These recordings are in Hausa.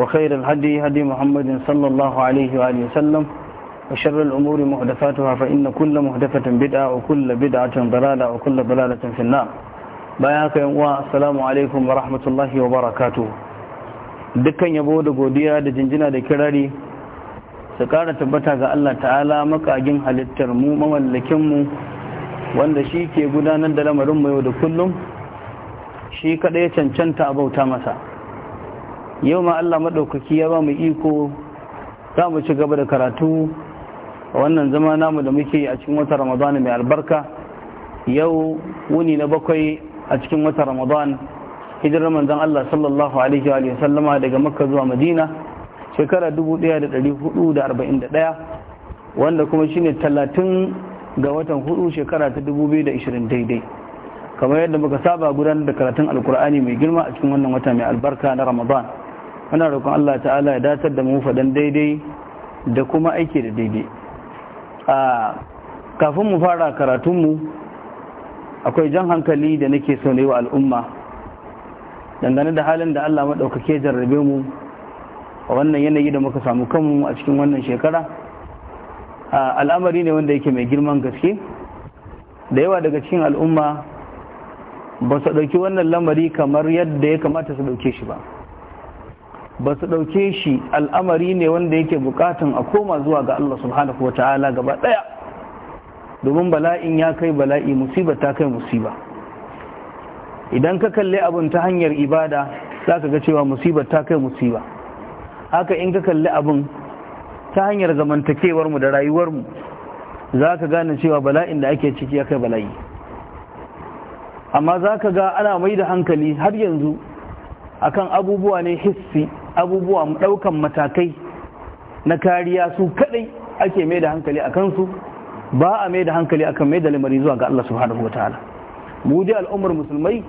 وخير الهدي هدي محمد صلى الله عليه وآله وسلم وشر الأمور محدثاتها فإن كل محدثة بدعة وكل بدعة ضلالة وكل ضلالة في النار بياك والسلام عليكم ورحمة الله وبركاته dukkan yabo da godiya da jinjina da kirari su kara tabbata ga Allah ta'ala makagin halittar mu mamallakin mu wanda shi ke gudanar da lamarin mu yau da kullum shi kadai cancanta a bauta masa yau ma Allah maɗaukaki ya ba mu iko za mu ci gaba da karatu a wannan zama namu da muke a cikin wata ramadan mai albarka yau wuni na bakwai a cikin wata ramadan hijirar manzon Allah sallallahu alaihi wa sallama daga makka zuwa madina shekara 1441 wanda kuma shine 30 ga watan hudu shekara ta 2020 daidai kamar yadda muka saba gudanar da karatun alkur'ani mai girma a cikin wannan wata mai albarka na ramadan muna roƙon Allah ta'ala ya datar da mu faɗan daidai da kuma aiki da daidai a kafin mu fara karatunmu akwai jan hankali da nake so na wa al'umma dangane da halin da Allah maɗaukake jarrabe mu a wannan yanayi da muka samu kanmu a cikin wannan shekara al'amari ne wanda yake mai girman gaske da yawa daga cikin al'umma ba su ɗauki wannan lamari kamar yadda ya kamata su ɗauke shi ba ba su ɗauke shi al'amari ne wanda yake bukatan a koma zuwa ga Allah subhanahu wa ta'ala gaba ɗaya domin bala'in ya kai bala'i musiba ta kai musiba idan ka kalli abin ta hanyar ibada za ka ga cewa musiba ta kai musiba haka in ka kalli abin ta hanyar zamantakewarmu da rayuwarmu za ka gane cewa bala'in da ake ciki ya kai bala'i amma za ka ga ana mai da hankali har yanzu akan abubuwa ne hissi abubuwa ɗaukan matakai na kariya su kadai ake mai da hankali a kansu ba a mai da hankali akan mai da lamari zuwa ga Allah subhanahu wa ta'ala mu dai al'ummar musulmai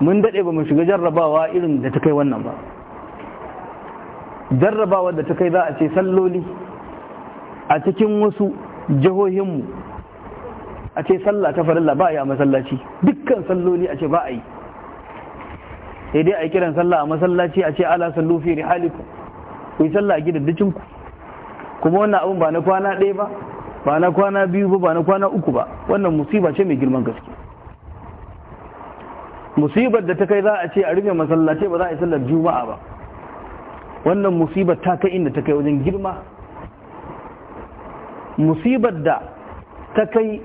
mun dade ba mu shiga jarrabawa irin da ta kai wannan ba jarrabawa da ta kai za a ce salloli a cikin wasu jihohinmu a ce sallah ta farilla ba a yi a masallaci dukkan salloli a ce ba a yi sai dai a yi kiran sallah a masallaci a ce ala sallu fi rihaliku ku yi sallah a gidaddacin ku kuma wannan abin ba na kwana ɗaya ba ba na kwana biyu ba ba na kwana uku ba wannan musiba ce mai girman gaske musibar da ta kai za a ce a rufe masallaci ba za a yi sallar juma'a ba wannan musibar ta kai inda ta kai wajen girma musibar da ta kai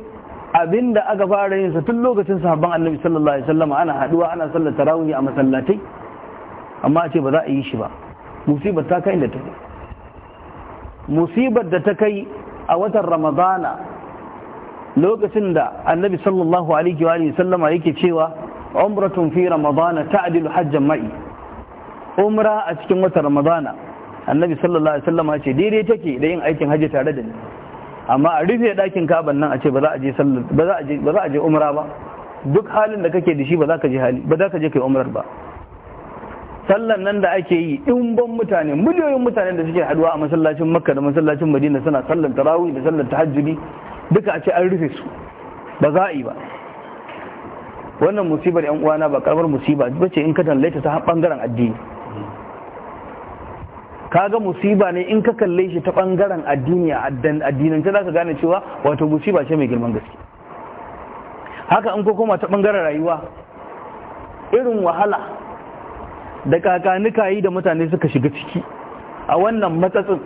abinda aka fara yin sa tun lokacin sahabban annabi sallallahu alaihi wasallam ana haduwa ana sallar tarawih a masallatai amma ace ce ba za a yi shi ba musibar ta kai da ta kai musibar da ta kai a watan ramadana lokacin da annabi sallallahu alaihi wa sallama yake cewa umratun fi ramadana ta'dilu hajjan ma'i umra a cikin watan ramadana annabi sallallahu alaihi wasallama sallama ce daidai take da yin aikin hajji tare da ni amma a rufe ɗakin kaban nan a ce ba za a je ba umra ba duk halin da kake da shi ba za ka je hali ba za ka je kai umrar ba sallan nan da ake yi in ban mutane miliyoyin mutane da suke haduwa a masallacin makka da masallacin madina suna sallan tarawih da sallan tahajjudi duka a ce an rufe su ba za a yi ba wannan musibar yan uwana ba karamar musiba bace in ka tallaita ta bangaren addini Ka ga musiba ne in ka kalle shi ta bangaren addini a addinin ta zaka gane cewa wato musiba ce mai girman gaske haka in ko koma ta bangaren rayuwa irin wahala da kakanuka yi da mutane suka shiga ciki a wannan matsatsin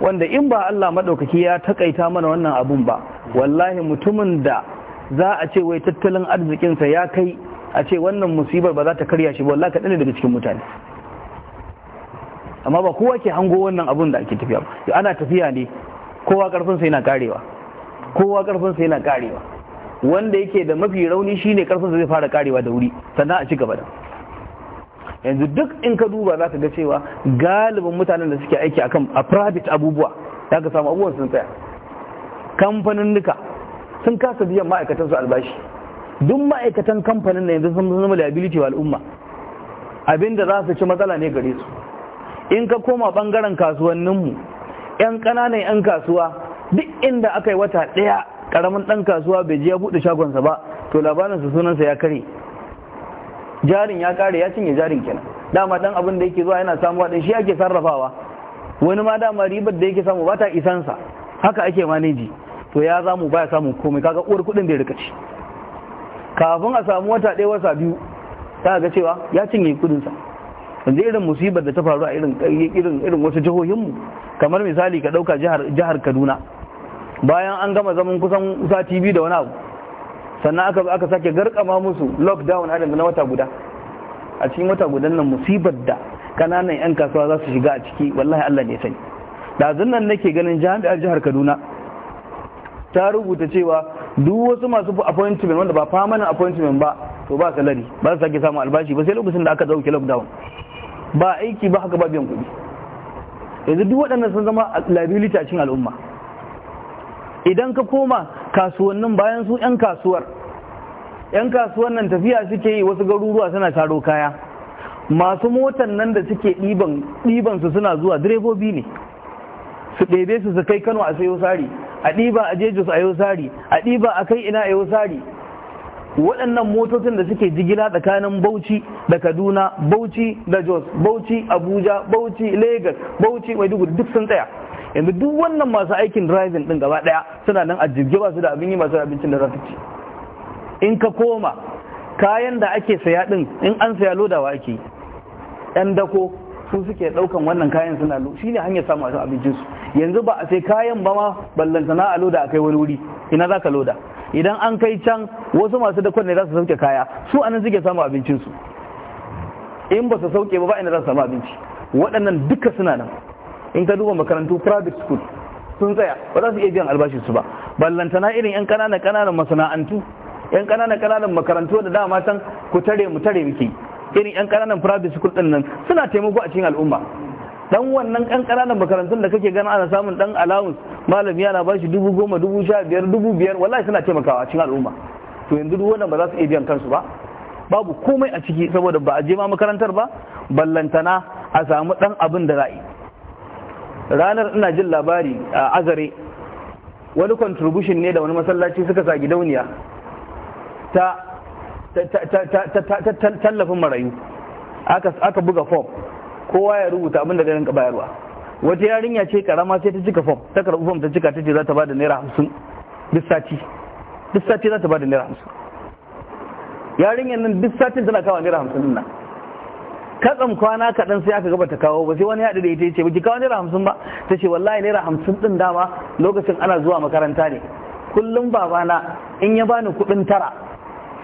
wanda in ba Allah maɗaukaki ya takaita mana wannan abun ba wallahi mutumin da za a ce wai tattalin arzikinsa ya kai a ce wannan musibar ba za ta karya shi ba wallahi kaɗan daga cikin mutane amma ba kowa ke hango wannan abun da ake tafiya ba ana tafiya ne kowa karfin sa yana karewa kowa karfin sa yana karewa wanda yake da mafi rauni shine karfin sa zai fara karewa da wuri sannan a ci gaba da yanzu duk in ka duba za ka ga cewa galibin mutanen da suke aiki akan a private abubuwa za ka samu abubuwan sun tsaya kamfanin nuka sun kasa biyan ma'aikatan su albashi duk ma'aikatan kamfanin na yanzu sun zama liability wa al'umma abinda za su ci matsala ne gare su in ka koma bangaren kasuwanninmu yan kananan yan kasuwa duk inda aka yi wata ɗaya karamin ɗan kasuwa bai je ya buɗe shagonsa ba to labarin su sunansa ya kare jarin ya kare ya cinye jarin kenan dama dan abin da yake zuwa yana samuwa din shi ake sarrafawa wani ma dama ribar da yake samu ba ta isansa haka ake maneji to ya zamu baya samun komai kaga uwar kudin da ya rikace, kafin a samu wata ɗaya wasa biyu ta ga cewa ya cinye kuɗinsa. yanzu irin musibar da ta faru a irin irin irin wasu jihohinmu kamar misali ka ɗauka jihar kaduna bayan an gama zaman kusan sati biyu da wani abu sannan aka aka sake garkama musu lockdown a na wata guda a cikin wata gudan nan musibar da kananan yan kasuwa za su shiga a ciki wallahi Allah ne sani da zunnan nake ganin jami'ar jihar Kaduna ta rubuta cewa duk wasu masu appointment wanda ba permanent appointment ba to ba salari ba su sake samun albashi ba sai lokacin da aka dauke lockdown ba aiki ba haka ba biyan kuɗi yanzu duk waɗannan sun zama liability a cikin al'umma idan ka koma kasuwannin bayan su 'yan kasuwar 'yan kasuwar nan tafiya suke yi wasu garuruwa suna taro kaya masu motan nan da suke ɗiban su suna zuwa direbobi ne su ɗebe su su kai kano a sayo sari a ɗiba a jejus a yau sari a ɗiba a kai ina a yau sari waɗannan motocin da suke jigila tsakanin bauchi da kaduna bauchi da jos bauchi abuja bauchi lagos bauchi maiduguri duk sun tsaya yanzu duk wannan masu aikin driving ɗin gaba ɗaya, suna nan a jirgi ba da abin yi masu abincin da za su ci in ka koma kayan da ake saya din in an saya lodawa ake yan dako su suke daukan wannan kayan suna lo shine hanyar samu a abincin su yanzu ba a sai kayan ba ma ballantana a loda akai wani wuri ina zaka loda idan an kai can wasu masu da ne za su sauke kaya su anan suke samu abincin su in ba su sauke ba ba ina za su samu abinci waɗannan duka suna nan in ka duba makarantu private school sun tsaya ba za su iya biyan albashin su ba ballantana irin yan ƙananan ƙananan masana'antu yan ƙananan ƙananan makarantu da dama can ku tare mu tare muke irin yan ƙananan private school ɗin nan suna taimako a cikin al'umma dan wannan ƴan ƙananan makarantun da kake gana ana samun dan allowance malami yana ba shi dubu goma dubu sha biyar dubu biyar wallahi suna taimakawa a cikin al'umma to yanzu duk wannan ba za su iya biyan kansu ba babu komai a ciki saboda ba a je ma makarantar ba ballantana a samu dan abin da yi. ranar ina jin labari a azare wani contribution ne da wani masallaci suka sa gidauniya ta tallafin marayu aka buga fom kowa ya rubuta abinda ganin ka bayarwa wata yarinya ce karama sai ta cika fom ta karɓi fom ta cika ta ce za ta ba da naira hamsin duk sati duk sati za ta ba da naira hamsin yarinyar nan duk sati tana kawo naira hamsin nan katsam kwana kaɗan sai aka gaba ta kawo ba sai wani yadda da ita ya ce baki kawo naira hamsin ba ta ce wallahi naira hamsin ɗin dama lokacin ana zuwa makaranta ne kullum babana in ya bani kuɗin tara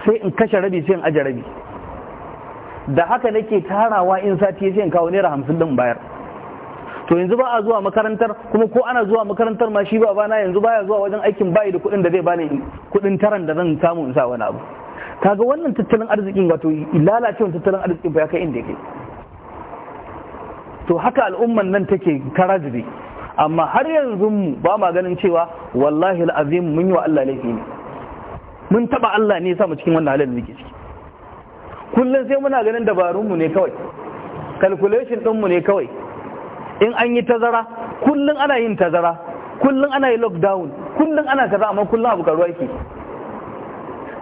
sai in kashe rabi sai in aje rabi da haka nake tarawa in sati sai in kawo naira hamsin din bayar to yanzu ba a zuwa makarantar kuma ko ana zuwa makarantar ma shi ba na yanzu baya zuwa wajen aikin bayi da kuɗin da zai bani kuɗin taran da zan samu in sa wani abu kaga wannan tattalin arzikin wato lalacewa tattalin arzikin ba ya kai inda yake to haka al'ummar nan take karajibi amma har yanzu mu ba ma ganin cewa wallahi al'azim mun yi wa Allah laifi ne mun taba Allah ne ya mu cikin wannan halin da muke ciki kullum sai muna ganin dabarunmu ne kawai calculation ɗinmu ne kawai in an yi tazara kullum ana yin tazara kullum ana yi lockdown kullum ana kaza amma kullum abu karuwa yake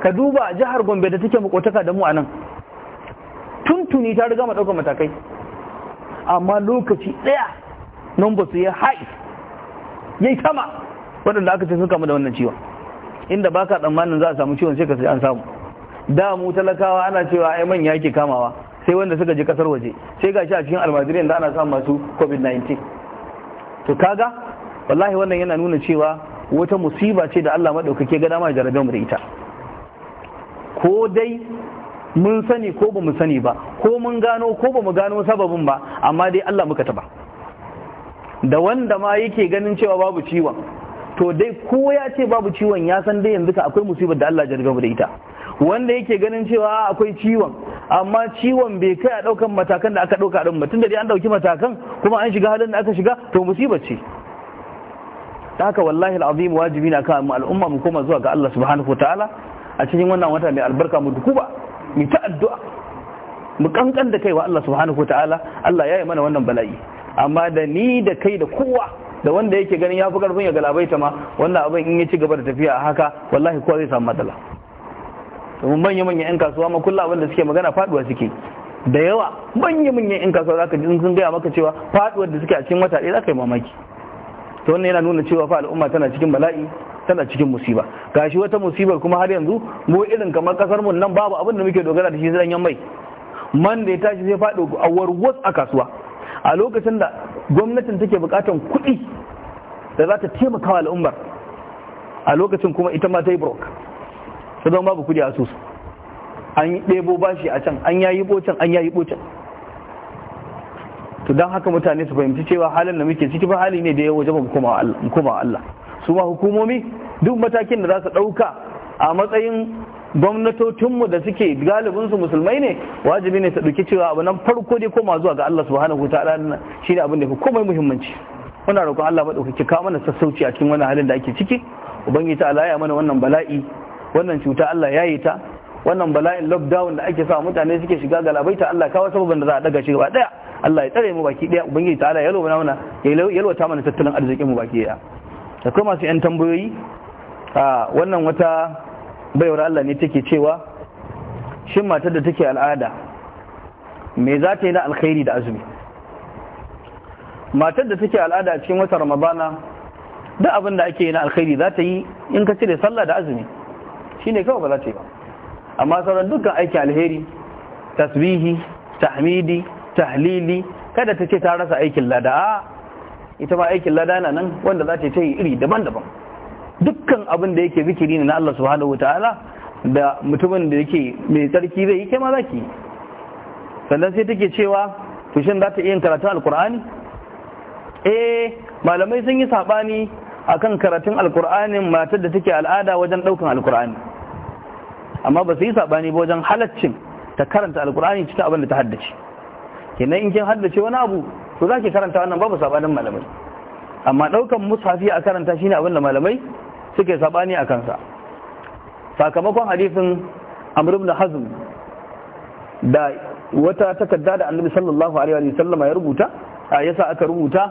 ka duba jihar gombe da take makotaka da mu a nan tuntuni ta riga ɗaukar matakai amma lokaci ɗaya nan ba su yi haɗi ya yi sama waɗanda aka ce suka mu da wannan ciwon inda baka tsammanin za a samu ciwon sai ka sai an samu da mu talakawa ana cewa ai manya yake kamawa sai wanda suka je kasar waje sai gashi a cikin almajirin da ana samu masu covid-19 to kaga wallahi wannan yana nuna cewa wata musiba ce da Allah madaukake ga dama jarabe mu da ita ko dai mun sani ko ba mu sani ba ko mun gano ko ba mu gano sababin ba amma dai Allah muka taba da wanda ma yake ganin cewa babu ciwon to dai ko ya ce babu ciwon ya san dai yanzu ka akwai musibar da Allah jarga da ita wanda yake ganin cewa ah, akwai ciwon amma ciwon bai kai a daukan matakan da aka dauka din mutum da dai an dauki matakan kuma an shiga halin da aka shiga to musibar ce da haka wallahi alazim wajibi na kan mu al'umma mu koma zuwa ga Allah subhanahu wataala a cikin wannan wata mai albarka mu duku ba, mu ta addu'a mu kankan da kai wa Allah subhanahu wataala Allah ya yi mana wannan bala'i amma da ni da kai da kowa da wanda yake ganin ya fi karfin ya galabaita ma wannan abin in ya ci gaba da tafiya a haka wallahi kowa zai samu matsala domin manya manyan yan kasuwa ma kullum abin da suke magana faduwa suke da yawa manya manyan yan kasuwa zaka ji sun gaya maka cewa faduwar da suke a cikin wata ɗaya zaka yi mamaki to wannan yana nuna cewa fa al'umma tana cikin bala'i tana cikin musiba gashi wata musibar kuma har yanzu mu irin kamar kasar mu nan babu abin da muke dogara da shi zan yan mai man da ya tashi sai faɗo a warwas a kasuwa a lokacin da gwamnatin take bukatan kuɗi da za ta taimaka wa al'ummar a lokacin kuma ita ma ta yi brok su zama babu kuɗi a susu an yi ɗebo bashi a can an yayi bocan an yayi bocan to don haka mutane su fahimci cewa halin da muke ciki ba hali ne da ya waje kuma Allah su ma hukumomi duk matakin da za su ɗauka a matsayin gwamnatocinmu da suke galibinsu musulmai ne wajibi ne ta ɗauki cewa abu nan farko dai koma zuwa ga Allah subhanahu wa ta'ala shi ne abin da fi komai muhimmanci muna roƙon Allah maɗaukaki kawo mana sassauci a cikin wannan halin da ake ciki ubangiji ta Allah ya mana wannan bala'i wannan cuta Allah ya yi ta wannan bala'in lockdown da ake sa mutane suke shiga ta Allah kawo saboda da za a daga shi gaba daya Allah ya tsare mu baki daya ubangiji ta Allah ya yalwa mana yalwata mana tattalin arzikin mu baki daya akwai masu yan tambayoyi a wannan wata baiwar Allah ne take cewa shin matar da take al'ada me za ta yi na alkhairi da azumi matar da take al'ada a cikin wata ramadana duk abin da ake yi na alkhairi za ta yi in ka cire sallah da azumi shine kawai ba za ta yi ba amma sauran dukkan aiki alheri tasbihi tahmidi tahlili kada ta ce ta rasa aikin lada ita ma aikin lada na nan wanda za ta yi iri daban-daban dukkan abin da yake zikiri ne na Allah subhanahu wataala da mutumin da yake mai tsarki zai yi kai ma ki sannan sai take cewa to shin za ta iya karatun alkur'ani eh malamai sun yi sabani akan karatun alkur'anin matar da take al'ada wajen daukan alkur'ani amma ba su yi sabani ba wajen halaccin ta karanta alkur'ani cikin abin da ta haddace kenan in kin haddace wani abu to za ki karanta wannan babu sabanin malamai amma daukan mushafi a karanta shine abin da malamai suke sabani a kansa sakamakon hadisin amr ibn hazm da wata takarda da annabi sallallahu alaihi wa sallama ya rubuta a yasa aka rubuta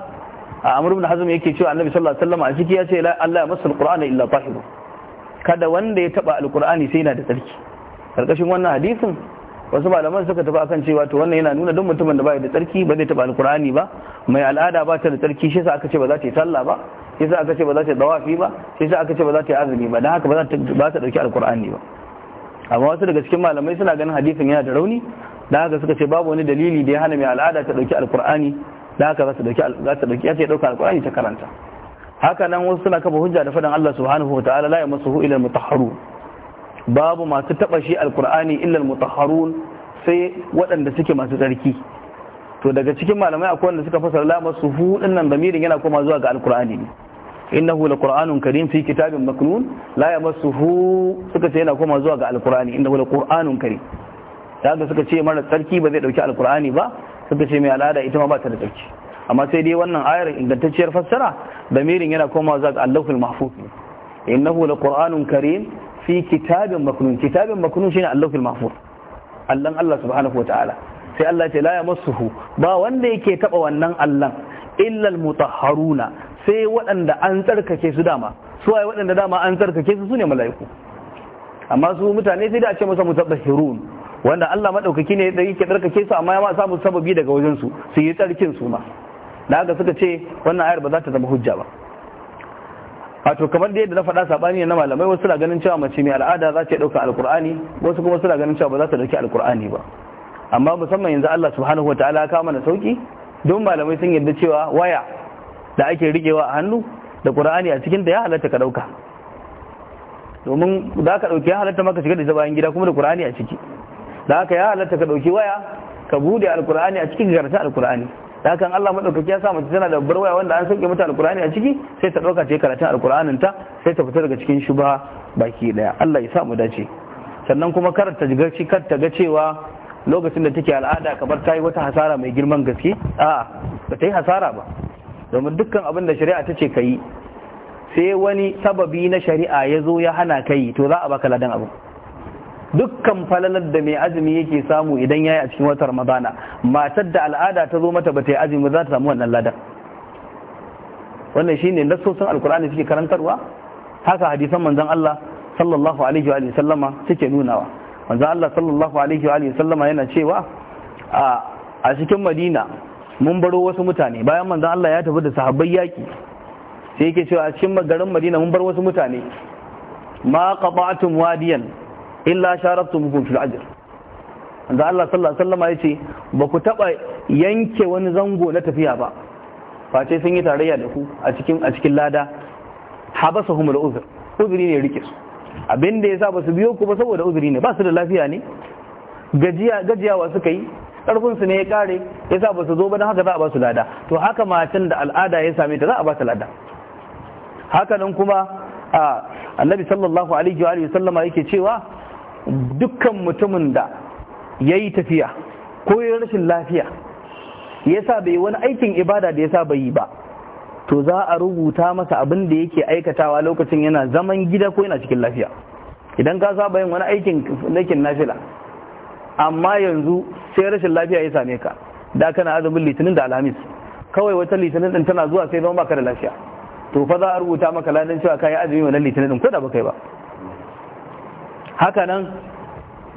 a amr ibn hazm yake cewa annabi sallallahu alaihi wa sallama a ciki ya ce Allah ya masa alqur'ana illa Fahimu. kada wanda ya taba alqur'ani sai yana da tsarki karkashin wannan hadisin wasu malaman suka tafi akan cewa to wannan yana nuna duk mutumin da bai da tsarki ba zai taba alkurani ba mai al'ada ba ta da tsarki shi yasa aka ce ba za ta yi sallah ba shi yasa aka ce ba za ta yi dawafi ba shi yasa aka ce ba za ta yi azumi ba dan haka ba za ta ba ta dauki alkurani ba amma wasu daga cikin malamai suna ganin hadisin yana da rauni dan haka suka ce babu wani dalili da ya hana mai al'ada ta dauki alkurani dan haka za ta dauki za ta dauki ta dauka alkurani ta karanta haka nan wasu suna kafa hujja da fadan Allah subhanahu wataala la yamassuhu ila al-mutahharun babu masu taɓa shi alkur'ani illal mutahharun sai waɗanda suke masu tsarki to daga cikin malamai akwai wanda suka fasara lamar su dinnan nan damirin yana koma zuwa ga alkur'ani ne innahu laqur'anun karim fi kitabin maknun la yamassuhu suka ce yana koma zuwa ga alkur'ani innahu laqur'anun karim daga suka ce mara tsarki ba zai dauki alkur'ani ba suka ce mai al'ada ita ma ba ta da tsarki amma sai dai wannan ayar ingantacciyar fassara damirin yana koma zuwa ga allahul mahfuz innahu laqur'anun karim fi kitabin maknun kitabin maknun shine allahul mahfuz allan allah subhanahu wataala sai allah ce la yamassuhu ba wanda yake taba wannan allan illal mutahharuna sai waɗanda an tsarkake su dama su waye waɗanda dama an tsarkake su sune mala'iku amma su mutane sai da a ce masa mutabahirun wanda Allah madaukaki ne da yake tsarkake su amma ya ma samu sababi daga wajen su su yi tsarkin su ma da haka suka ce wannan ayar ba za ta zama hujja ba a to kamar da yadda na faɗa sabani na malamai wasu suna ganin cewa mace mai al'ada za ta ɗauka alkur'ani wasu kuma suna ganin cewa ba za ta ɗauki alkur'ani ba amma musamman yanzu Allah subhanahu wataala ka mana sauki don malamai sun yarda cewa waya da ake riƙewa a hannu da qur'ani a cikin da ya halatta ka ɗauka domin za ka ɗauki ya halatta maka shiga da bayan gida kuma da qur'ani a ciki da haka ya halatta ka ɗauki waya ka bude alkur'ani a cikin garta alkur'ani da kan Allah madaukaki ya sa mace tana da babbar waya wanda an sauke mata alkur'ani a ciki sai ta dauka ce karatun alkur'anin ta sai ta fita daga cikin shuba baki daya Allah ya sa mu dace sannan kuma kar ta ga ci kar ta ga cewa lokacin da take al'ada kamar ta yi wata hasara mai girman gaske a ba ta yi hasara ba domin dukkan abin da shari'a ta ce ka yi sai wani sababi na shari'a ya zo ya hana kai to za a baka ladan abin dukkan falalar da mai azumi yake samu idan yayi a cikin watan ramadana matar da al'ada ta zo mata bata yi azumi za ta samu wannan ladar. wannan shi shine nassosin alkur'ani suke karantarwa haka hadisan manzan Allah sallallahu alaihi wa sallama suke nunawa manzon Allah sallallahu alaihi wa sallama yana cewa a cikin Madina mun baro wasu mutane bayan manzan Allah ya tafi da sahabbai yaki sai yake cewa a cikin garin Madina mun bar wasu mutane ma qata'tum wadiyan illa sharabtumukum fil ajr da Allah sallallahu alaihi wasallam yace ba ku taba yanke wani zango na tafiya ba face sun yi tarayya da ku a cikin a cikin lada habasuhum al-uzr uzri ne rike su abinda yasa ba su biyo ku ba saboda uzri ne ba su da lafiya ne gajiya gajiyawa suka yi karfin su ne ya kare yasa ba su zo ba dan haka za a ba su lada to haka matan da al'ada ya same ta za a ba ta lada haka nan kuma annabi sallallahu alaihi wa sallama yake cewa dukkan mutumin da ya yi tafiya ko ya rashin lafiya ya sa bai wani aikin ibada da ya sa bai yi ba to za a rubuta masa abin da yake aikatawa lokacin yana zaman gida ko yana cikin lafiya idan ka saba yin wani aikin nakin nafila amma yanzu sai rashin lafiya ya same ka da kana azumin litinin da alhamis kawai wata litinin din tana zuwa sai zama baka da lafiya to fa za a rubuta maka ladan cewa kai azumi wannan litinin din ko da baka yi ba haka nan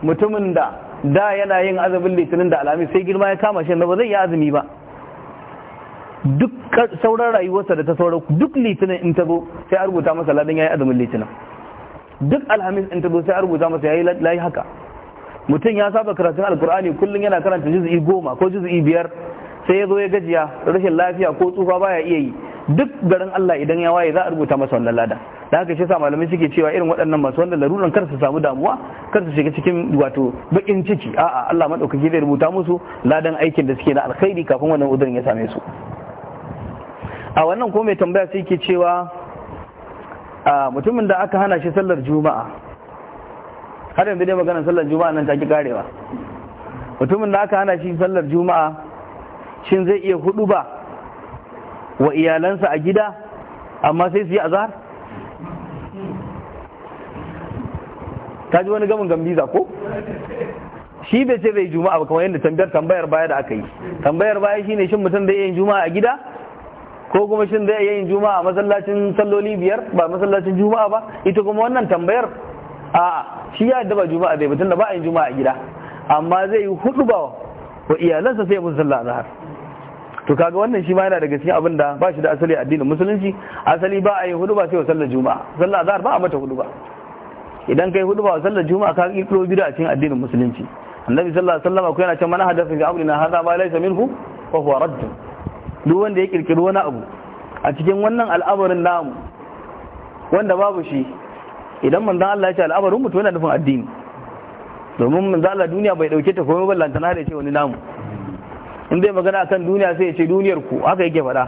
mutumin da da yana yin azumin litinin da alami sai girma ya kama shi ba zai yi azumi ba duk sauran rayuwarsa da ta sauran duk litinin in ta zo sai a rubuta masa ya yi azumin litinin duk alhamis in ta sai a rubuta masa yi layi haka mutum ya saba karatun alkur'ani kullum yana karanta juz'i goma ko juz'i biyar sai ya zo ya gajiya rashin lafiya ko tsufa baya iya yi duk garin Allah idan ya waye za a rubuta masa wannan ladan da haka shi sa malamai suke cewa irin waɗannan masu wannan laruran kar su samu damuwa kar su shiga cikin wato bakin ciki a'a Allah madaukaki zai rubuta musu ladan aikin da suke na alkhairi kafin wannan udurin ya same su a wannan ko mai tambaya sai ke cewa mutumin da aka hana shi sallar juma'a har yanzu dai maganar sallar juma'a nan ta ki karewa mutumin da aka hana shi sallar juma'a shin zai iya hudu ba wa iyalansa a gida amma sai su yi azhar ta ji wani gamin gambiza ko shi bai ce zai juma'a ba kamar yadda tambayar tambayar baya da aka yi tambayar baya shine shin mutum da yin juma'a a gida ko kuma shin zai yin juma'a a masallacin salloli biyar ba masallacin juma'a ba ita kuma wannan tambayar a'a shi ya yadda ba juma'a zai mutum da ba a yin juma'a a gida amma zai yi hudu ba wa iyalansa sai mun sallah azhar to kaga wannan shi ma yana daga cikin abin da ba shi da asali addinin musulunci asali ba a yi hudu ba sai wa sallar juma'a sallar azhar ba a mata hudu ba idan kai hudu ba sallar juma'a ka kiro bid'a cikin addinin musulunci annabi sallallahu alaihi wasallam akwai yana cewa mana hadafin fi amrina hadha ma laysa minhu wa huwa radd duk wanda ya kirkiro wani abu a cikin wannan al'amarin namu wanda babu shi idan manzon Allah ya ce al'amarin mutum yana nufin addini domin manzon Allah duniya bai dauke ta komai ballanta na da ce wani namu in bai magana akan duniya sai ya ce duniyar ku haka yake faɗa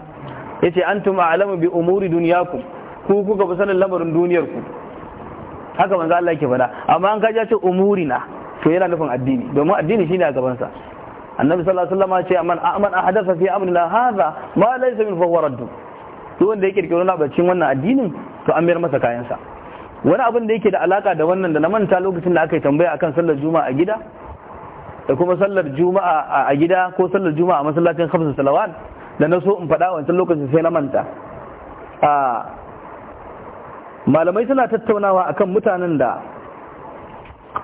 yace antum a'lamu bi umuri dunyakum ku kuka fi sanin lamarin duniyar ku haka manzo Allah yake fada amma an kaji ce umurina to yana nufin addini domin addini shine a gaban sa annabi sallallahu alaihi wasallam ce amman a hadasa fi amrina hadha ma laysa min fa huwa wanda ya kirkiro na bacin wannan addinin to an mayar masa kayan sa wani abin da yake da alaka da wannan da na manta lokacin da aka yi tambaya akan sallar juma'a a gida da kuma sallar juma'a a gida ko sallar juma'a a masallacin khamsu salawat da na so in faɗa wancan lokacin sai na manta ah, malamai suna tattaunawa akan mutanen da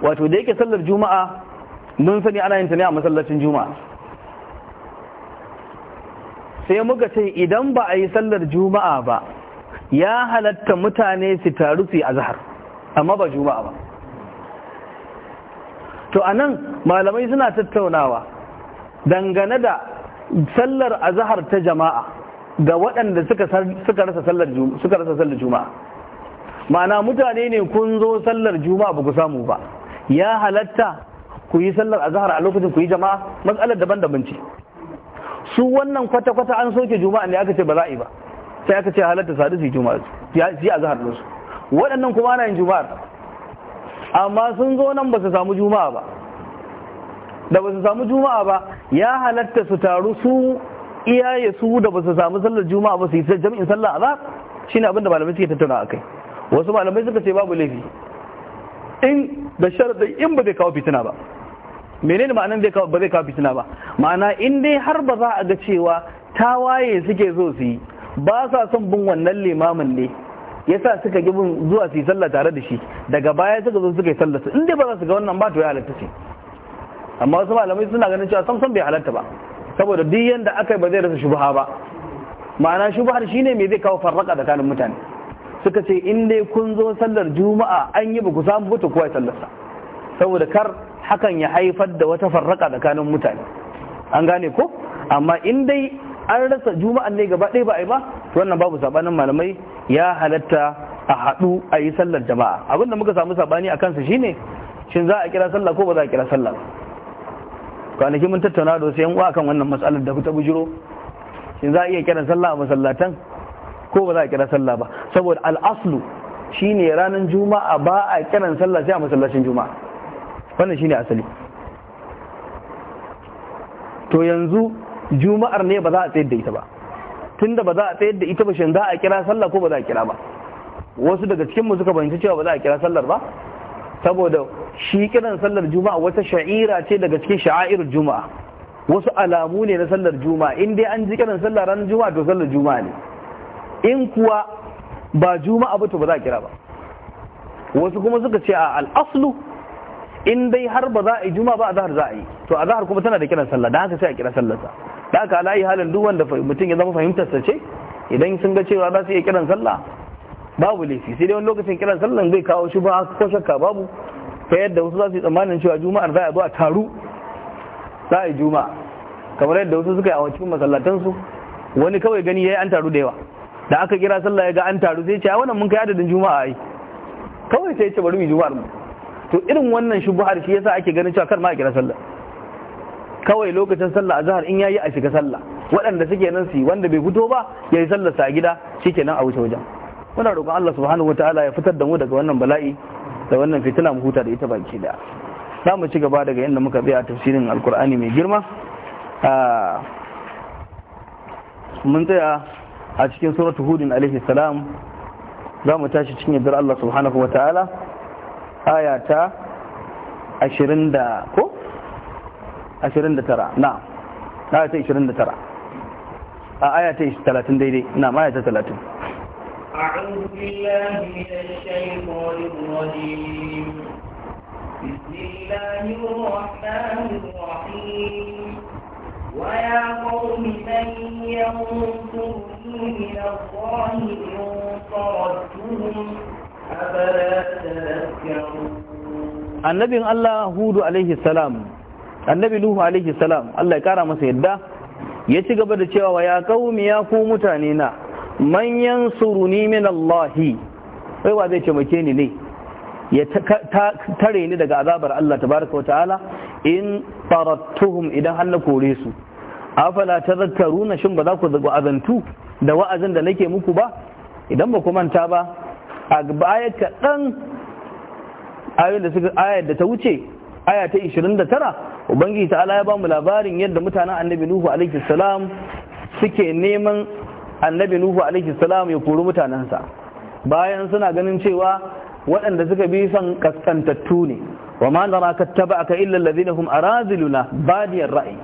wato da yake sallar juma'a mun sani ana yin ta ne a masallacin juma'a sai muka ce idan ba a yi sallar juma'a ba ya halatta mutane su taru su yi azhar amma ba juma'a ba to anan malamai suna tattaunawa dangane da sallar azahar ta jama'a ga waɗanda suka rasa sallar juma'a ma'ana mutane ne kun zo sallar juma'a ba ku samu ba ya halatta ku yi sallar azahar a lokacin ku yi jama'a matsalar daban-daban ce su wannan kwata-kwata an soke juma'a ne aka ce ba za'i ba sai aka ce halatta sadu su yi juma'a su yi azahar su waɗannan kuma na yin juma'ar amma sun zo nan ba su samu juma'a ba da ba su samu juma'a ba ya halatta su taru su iyaye su da ba su samu sallar juma'a ba su yi jami'in sallar azahar? shine abin da malamai suke tattauna akai wasu malamai suka ce babu laifi in da sharadai in ba zai kawo fitina ba menene ma'anar da ba zai kawo fitina ba ma'ana in dai har ba za a ga cewa tawaye suke zo su yi ba sa son bin wannan limamin ne ya sa suka gibin zuwa su yi sallah tare da shi daga baya suka zo suka yi sallah in dai ba za su ga wannan ba to ya halatta ce amma wasu malamai suna ganin cewa sam sam bai halatta ba saboda duk yanda aka yi ba zai rasa shubha ba ma'ana shubhar shine me zai kawo farraka tsakanin mutane suka ce in dai kun zo sallar juma'a an yi ba ku samu ba kowa ya sallarsa saboda kar hakan ya haifar da wata farraka tsakanin mutane an gane ko amma in dai an rasa juma'an ne gaba ɗaya ba a yi ba to wannan babu sabanin malamai ya halatta a haɗu a yi sallar jama'a abin da muka samu sabani a kansa shine shin za a kira sallah ko ba za a kira sallah kwanaki mun tattauna da wasu yan uwa kan wannan matsalar da ku ta bujiro shin za a iya kiran sallah a masallatan ko ba za a kira sallah ba saboda al'aslu shi ne ranar juma'a ba a kiran sallah sai a masallacin juma'a wannan ne asali to yanzu juma'ar ne ba za a tsayar da ita ba tun da ba za a tsayar da ita ba shi za a kira sallah ko ba za a kira ba wasu daga cikin mu suka fahimci cewa ba za a kira sallar ba saboda shi kiran sallar juma'a wata sha'ira ce daga cikin sha'airul juma'a wasu alamu ne na sallar juma'a in dai an ji kiran sallar ranar juma'a to sallar juma'a ne in kuwa ba juma'a ba to ba za a kira ba wasu kuma suka ce a al'aslu in dai har ba za a yi juma'a ba a zahar za a yi to a zahar kuma tana da kiran sallah da haka sai a kira sallarsa da haka alayi halin duk wanda mutum ya zama fahimtarsa ce idan sun ga cewa za su iya kiran sallah babu laifi sai dai wani lokacin kiran sallah zai kawo shi ba ko shakka babu ta yadda wasu za su yi tsammanin cewa juma'ar za a zo a taru za a yi juma'a kamar yadda wasu suka yi a cikin masallatansu wani kawai gani ya yi an taru da yawa da aka kira sallah ya ga an taru sai ce a wannan mun kai adadin juma'a ai kawai sai ce bari mu juma'ar mu to irin wannan shubuhar shi yasa ake ganin cewa kar ma a kira sallah kawai lokacin sallah azhar in yayi a shiga sallah waɗanda suke nan su wanda bai fito ba yayi sallar sa gida shikenan a wuce wajen muna roƙon Allah subhanahu wataala ya fitar da mu daga wannan bala'i da wannan fitina mu huta da ita baki da za mu ci gaba daga yadda muka tsaya tafsirin alkur'ani mai girma ah, mun tsaya a cikin suratul hudin alaihi salam za mu tashi cikin yadda Allah subhanahu wa ta'ala aya ta 20 da ko 29 na aya ta 29 a aya ta 30 daidai na aya ta 30 أعوذ بالله من الشيطان الرجيم بسم الله الرحمن الرحيم ويا قوم من ينصرني من الله إن طردتهم أفلا تذكرون annabin Allah Hudu alaihi salam annabi Nuhu alaihi salam Allah ya kara masa yadda ya ci gaba da cewa wa ya qaumi ya ku mutane na manyan suruni min Allahi wai wa zai taimake ni ne ya tare ni daga azabar Allah tabaraka wa ta'ala in tarattuhum idan har kore su afala tazakkaruna shin ba za ku azantu da wa'azin da nake muku ba idan ba ku manta ba a baya kaɗan ayoyin da suka ayar da ta wuce aya ta 29 ubangiji ta'ala ya ba mu labarin yadda mutanen annabi nuhu alaihi salam suke neman annabi nuhu alaihi salam ya kori mutanensa bayan suna ganin cewa waɗanda suka bi son kaskantattu ne wa ma naraka taba'aka illa alladhina hum araziluna badiyar ra'i.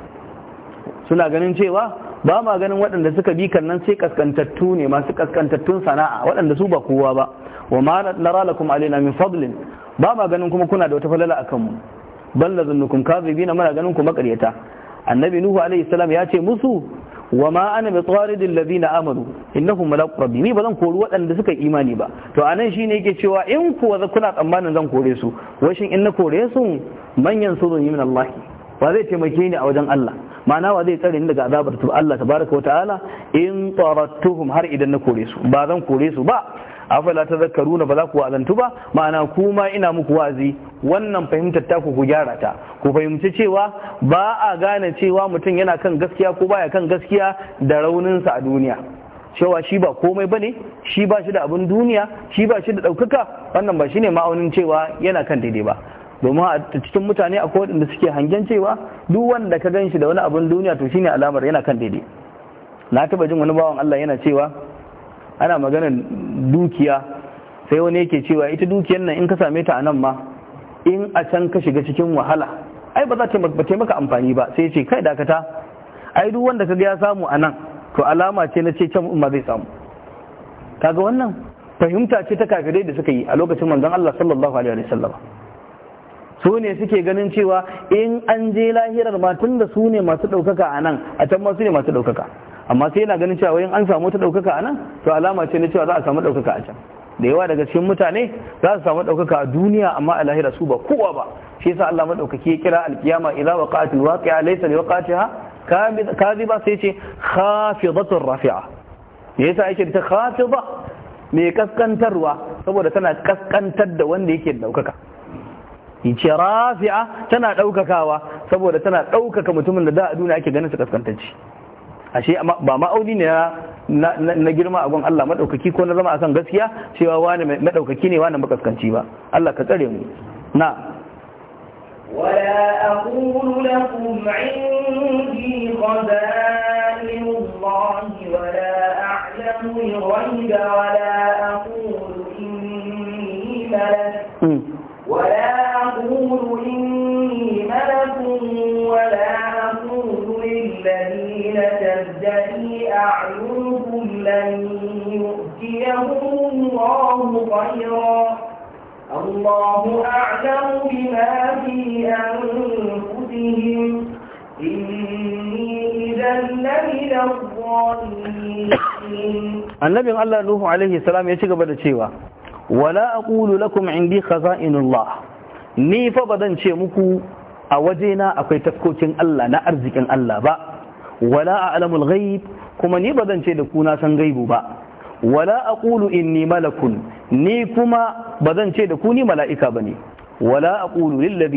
suna ganin cewa ba ma ganin waɗanda suka bi kan nan sai kaskantattu ne masu kaskantattun sana'a waɗanda su ba kowa ba wa ma nara lakum alaina min fadlin ba ma ganin kuma kuna da wata falala akan mu bal lazunnukum kadhibina muna ganin ku maƙaryata. annabi nuhu alaihi salam ya ce musu wa ma ana bi tsaridin ladina amanu innahum malaqu rabbi ni ba zan kori waɗanda suka yi imani ba to anan shine yake cewa in kuwa kuna tsammanin zan kore su wai shin in na kore su manyan surun min Allah Ba zai taimake ni a wajen Allah ma'ana wa zai tsare ni daga azabar Allah tabaraka wa ta'ala in tuhum har idan na kore su ba zan kore su ba afala tazakkaruna ba za ku wa'azantu ba ma'ana kuma ina muku wazi. wannan fahimtar ta ku gyara ta ku fahimci cewa ba a gane cewa mutum yana kan gaskiya ko baya kan gaskiya da rauninsa a duniya cewa shi ba komai bane shi ba shi da abin duniya shi ba shi da ɗaukaka wannan ba shine ma'aunin cewa yana kan daidai ba domin a cikin mutane akwai waɗanda suke hangen cewa duk wanda ka gan shi da wani abin duniya to shine alamar yana kan daidai na taba jin wani bawan Allah yana cewa ana maganar dukiya sai wani yake cewa ita dukiyar nan in ka same ta a nan ma in a can ka shiga cikin wahala ai ba za ta maka amfani ba sai ce kai dakata ai duk wanda kaga ya samu a nan to alama ce na ce can ma zai samu kaga wannan fahimta ce ta kafirai da suka yi a lokacin manzon Allah sallallahu alaihi wasallam su ne suke ganin cewa in an je lahirar ma tunda da su ne masu ɗaukaka a nan a can ma su ne masu ɗaukaka amma sai yana ganin cewa in an samu ta ɗaukaka a nan to alama ce ne cewa za a samu ɗaukaka a can da yawa daga cikin mutane za su samu ɗaukaka a duniya amma a lahira su ba kowa ba shi yasa Allah madaukaki ya kira alkiyama idza waqa'atil waqi'a laysa liwaqa'atiha kadhiba sai ce khafidatur rafi'a me yasa yake ta khafida me kaskantarwa saboda tana kaskantar da wanda yake ɗaukaka ce rafi'a tana ɗaukakawa saboda tana ɗaukaka mutumin da da a duniya ake ganin su kaskantacci ashe ba ma'auni ne na girma a gun Allah madaukaki ko na zama a kan gaskiya cewa wani madaukaki ne wani makaskanci ba Allah ka tsare mu na ولا أقول لكم عندي خزائن الله ولا أعلم الغيب ولا الله أعلم بما في أنفسهم النبي صلى الله عليه وآله وسلم يشكب الشيوى ولا أقول لكم عندي خزائن الله نيف بدن شيء مكو أوجينا أكيتكوت الله نأرزك الله با ولا أعلم الغيب كما نيف بدن شيء لكونا سنغيب با wala aqulu inni malakun ni kuma ba zan ce da ku ni mala'ika ba ne wala aqulu na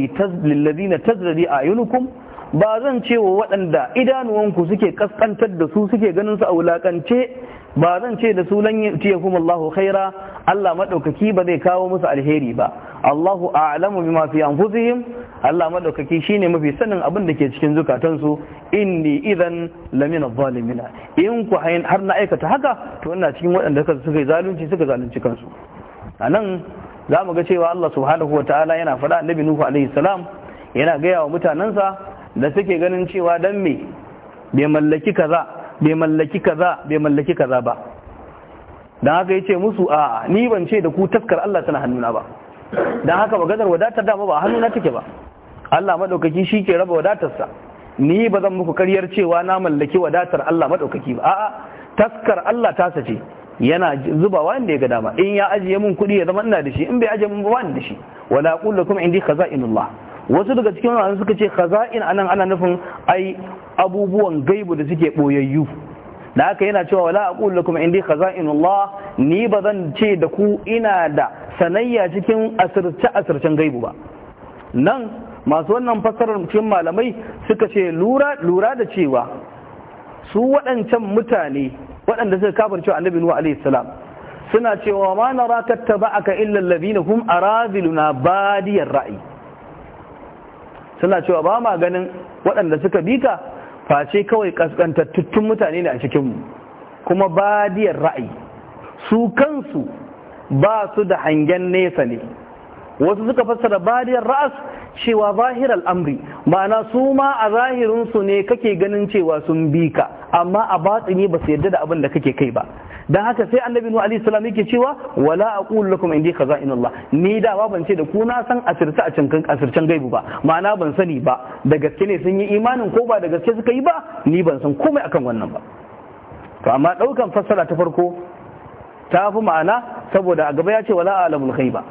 lillazina tazradi ayunukum ba zan ce wa waɗanda idanuwanku suke kaskantar da su suke ganin su a wulakance ba zan ce da sunan lan yatiyakum Allahu khaira Allah madaukaki ba zai kawo musu alheri ba Allahu a'lamu bima fi anfusihim Allah madaukaki shine mafi sanin abin da ke cikin zukatansu inni idan lamina zalimina in ku har na aikata haka to ina cikin waɗanda suka zalunci suka zalunci kansu anan za mu ga cewa Allah subhanahu wataala ta'ala yana faɗa annabi Nuhu alaihi salam yana gaya wa mutanansa da suke ganin cewa dan me bai mallaki kaza bai mallaki kaza bai mallaki kaza ba don haka ya ce musu a ni ban ce da ku taskar Allah tana hannuna ba don haka maganar wadatar dama ba hannuna take ba Allah madaukaki shi ke raba sa ni ba zan muku karyar cewa na mallaki wadatar Allah madaukaki ba a'a taskar Allah ta sace yana zuba wanda ya ga dama in ya ajiye mun kuɗi ya zama ina da shi in bai ajiye mun ba wanda da shi wala qul lakum indi khaza'inullah wasu daga cikin wa'an suka ce khaza'in anan ana nufin ai abubuwan gaibu da suke boyayyu da haka yana cewa wala aqulu lakum indi khaza'inullah ni ba zan ce da ku ina da sanayya cikin asirce asircen gaibu ba nan masu wannan fassarar cikin malamai suka ce lura lura da cewa su waɗancan mutane waɗanda suka kafirce annabi nuhu alaihi salam suna cewa ma naraka taba'aka illa alladhina hum na badiyar ra'i suna cewa ba ma ganin waɗanda suka bika face kawai ƙasƙantattun mutane ne a cikinmu kuma badiyar ra'ayi su kansu ba su da hangen nesa ne wasu suka fassara badiyar ra'as cewa zahir al'amri ma'ana su ma a zahirinsu ne kake ganin cewa sun bi ka amma a batsini ba su yarda da abin da kake kai ba don haka sai annabi nuhu alaihi salam yake cewa wala aqulu lakum indi khaza'inullah ni da ba ban ce da ku na san asirce a cikin asircen gaibu ba ma'ana ban sani ba da gaske ne sun yi imanin ko ba da gaske suka yi ba ni ban san komai akan wannan ba to amma daukan fassara ta farko ta fi ma'ana saboda a gaba ya ce wala alamul ghaiba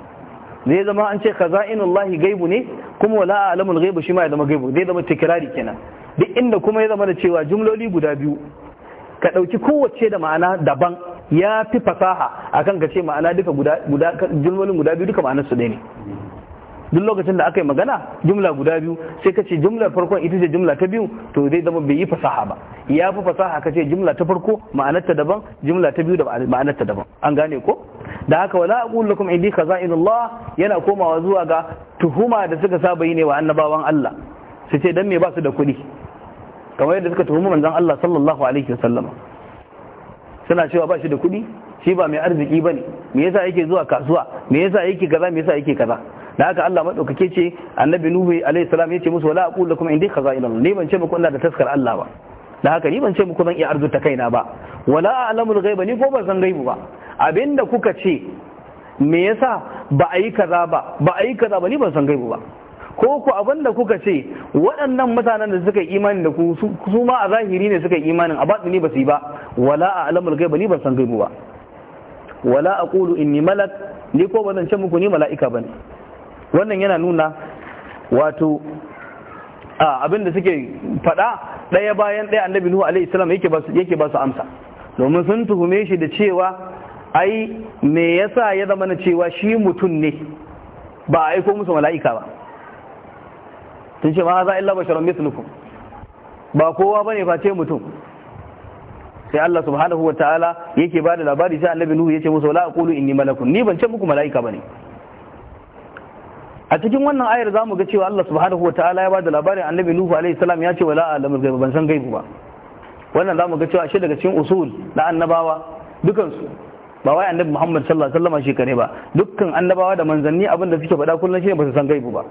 zai zama an ce khaza'inullahi gaibu ne kuma wala alamul ghaibu shi ma ya zama gaibu zai zama tikrari kenan duk inda kuma ya zama da cewa jumloli guda biyu ka ɗauki kowace da ma'ana daban ya fi fasaha akan ka ce ma'ana duka guda jumlolin guda biyu duka ma'anar su ne duk lokacin da aka yi magana jumla guda biyu sai ka ce jumlar farkon ita ce jumla ta biyu to zai zama bai yi fasaha ba ya fi fasaha ka ce jumla ta farko ma'anarta daban jumla ta biyu da ma'anarta daban an gane ko da haka wala aqulu lakum indi Allah yana komawa zuwa ga tuhuma da suka saba yi ne wa annabawan Allah su ce dan me ba su da kuɗi kamar yadda suka tuhuma manzon Allah sallallahu alaihi wasallam suna cewa ba shi da kuɗi shi ba mai arziki bane me yasa yake zuwa kasuwa me yasa yake kaza me yasa yake kaza da haka Allah madaukake ce annabi nuhu alaihi salam yace musu wala aqulu lakum indi khaza'inun ni ban ce muku ina da taskar Allah ba da haka ni ban ce muku zan iya arzuta kaina ba wala a'lamul ghaiba ni ko ban san gaibu ba abinda kuka ce me yasa ba a yi kaza ba ba a yi kaza ba ni ban san gaibu ba ko ku abin da kuka ce waɗannan mutanen da suka yi imani da ku su ma a zahiri ne suka yi imanin a batsi ne ba su yi ba wala a alamul gaiba ni ban san gaibu ba wala aqulu inni malak ni ko ba zan ce muku ni mala'ika bane wannan yana nuna wato abin da suke fada daya bayan daya annabi nuhu alaihi salam yake ba su amsa domin sun tuhume shi da cewa ai me yasa ya zama na cewa shi mutum ne ba a aiko musu mala'ika ba tun ce ma za illa basharun mislukum ba kowa bane face mutum sai Allah subhanahu wa ta'ala yake ba da labari sai annabi nuhu ya ce musu la aqulu inni malakun ni ban ce muku mala'ika bane a cikin wannan ayar zamu ga cewa Allah subhanahu wa ta'ala ya bada labarin annabi Nuhu alaihi salam ya ce wala alamul ghaib ban san gaibu ba wannan zamu ga cewa shi daga cikin usul na annabawa su. ba wai annabi Muhammad sallallahu alaihi wasallam shi kare ba dukkan annabawa da manzanni abinda suke faɗa kullun shi ba su san gaibu ba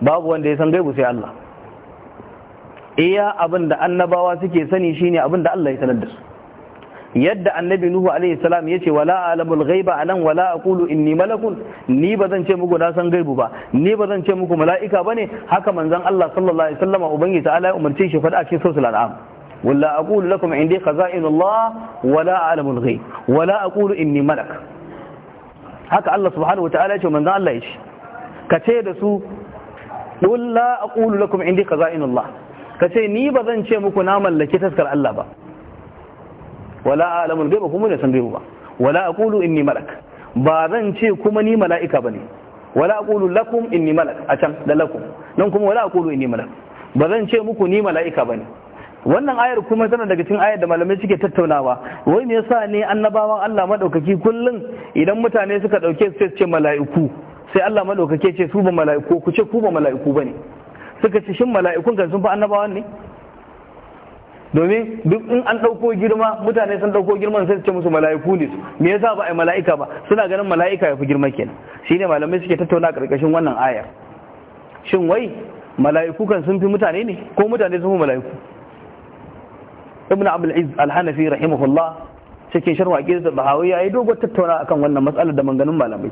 babu wanda ya san gaibu sai Allah iya abinda annabawa suke sani shine abinda Allah ya sanar da su yadda annabi nuhu alaihi salam yace wala alamul ghaiba anan wala aqulu inni malakun ni bazan ce muku na san gaibu ba ni bazan ce muku mala'ika bane haka manzon Allah sallallahu alaihi wasallama ubangiji ta'ala ya umarce shi fada cikin suratul an'am wala aqulu lakum indi khaza'inullah wala alamul ghaib wala aqulu inni malak haka Allah subhanahu wataala yace manzon Allah yace ka ce da su wala la aqulu lakum indi khaza'inullah ka ce ni bazan ce muku na mallaki taskar Allah ba wala a'lamul ghaiba kuma ne san ghaibu ba wala aqulu inni malak ba zan ce kuma ni mala'ika bane wala aqulu lakum inni malak a can da lakum nan kuma wala aqulu inni malak ba zan ce muku ni mala'ika bane wannan ayar kuma tana daga cikin ayar da malamai suke tattaunawa wai me yasa ne annabawan Allah madaukaki kullum idan mutane suka dauke su ce mala'iku sai Allah madaukake ce su ba mala'iku ku ce ku ba mala'iku bane suka ce shin mala'ikun kan sun fa annabawan ne domin duk in an ɗauko girma mutane sun ɗauko girman sai su ce musu mala'iku ne me yasa ba a mala'ika ba suna ganin mala'ika ya fi girma kenan shine malamai suke tattauna karkashin wannan ayar shin wai mala'iku kan sun fi mutane ne ko mutane sun fi mala'iku ibn abul iz al-hanafi rahimahullah cikin sharh aqidat al bahawi yayi dogon tattauna akan wannan matsalar da manganin malamai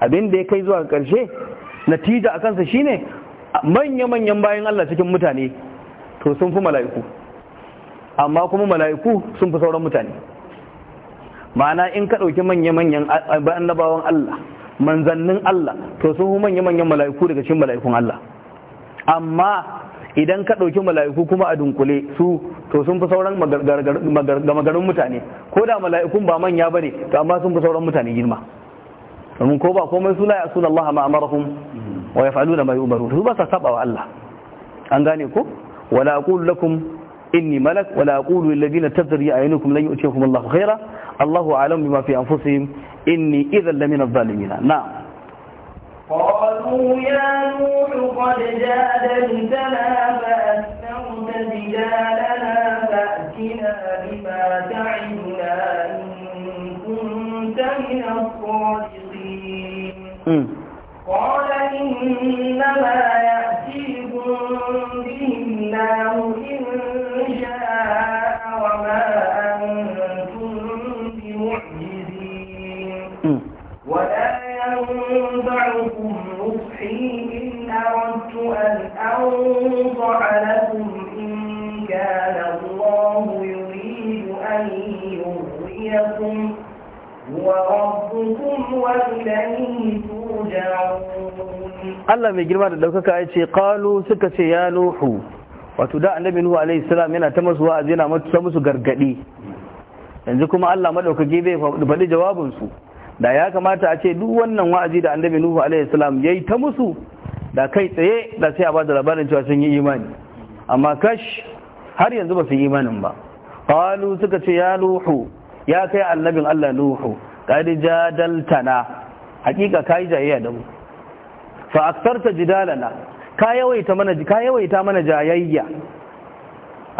abin da ya kai zuwa karshe natija akan sa shine manya manyan bayan Allah cikin mutane to sun fi mala'iku amma kuma mala'iku sun fi sauran mutane ma'ana in ka ɗauki manya-manyan annabawan Allah manzannin Allah to sun hu manya-manyan mala'iku daga cikin mala'ikun Allah amma idan ka ɗauki mala'iku kuma a dunkule su to sun fi sauran magarin mutane ko da mala'ikun ba manya ba ne to amma sun fi sauran mutane girma domin ko ba komai su la suna Allah ma ma'amarahun wa yaf'aluna ma da umaru su ba sa saba wa Allah an gane ko wala aqulu lakum إني ملك ولا أقول للذين تبتغي أعينكم لن يؤتيكم الله خيرا الله أعلم بما في أنفسهم إني إذا لمن الظالمين نعم قالوا يا نوح قد جادلتنا فأسترت بجالنا فأتنا بما تعدنا إن كنت من الصادقين قال إنما يأتيكم به الله Allah mai girma da daukaka ya ce qalu suka ce ya nuhu wato da annabi nuhu alaihi salam yana ta masu wa'azi yana ta musu gargadi yanzu kuma Allah madaukake zai faɗi jawabin su da ya kamata a ce duk wannan wa'azi da annabi nuhu alaihi salam yayi ta musu da kai tsaye da sai a ba da labarin cewa sun yi imani amma kash har yanzu ba su yi imanin ba qalu suka ce ya nuhu ya kai annabin Allah nuhu qad jadaltana hakika kai jayayya da mu fa aktarta jidalana ka yawaita mana ka yawaita mana jayayya